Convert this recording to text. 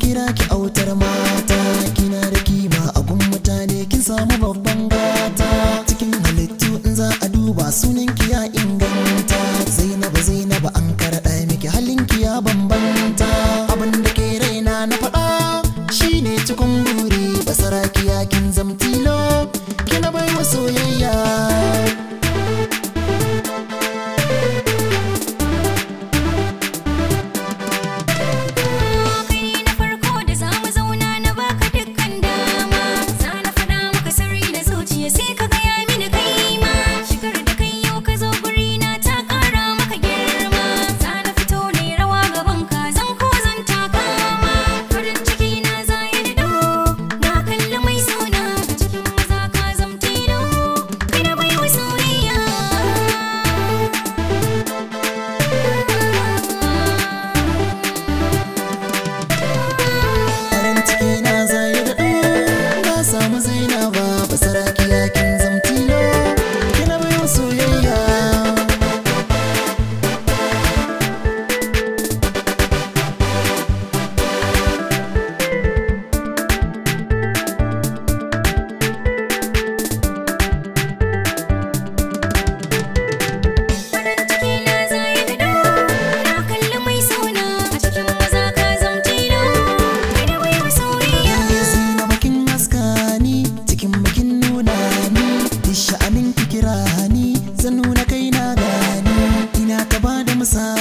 kira ki autar mata kina da kima a mutane kin samu babban gata cikin halittu in za a duba ki ya inganta zainaba zainaba an karaɗa miki ki ya bambanta abin da ke raina na faɗa shine cikin guri basara kin zamta Amazon.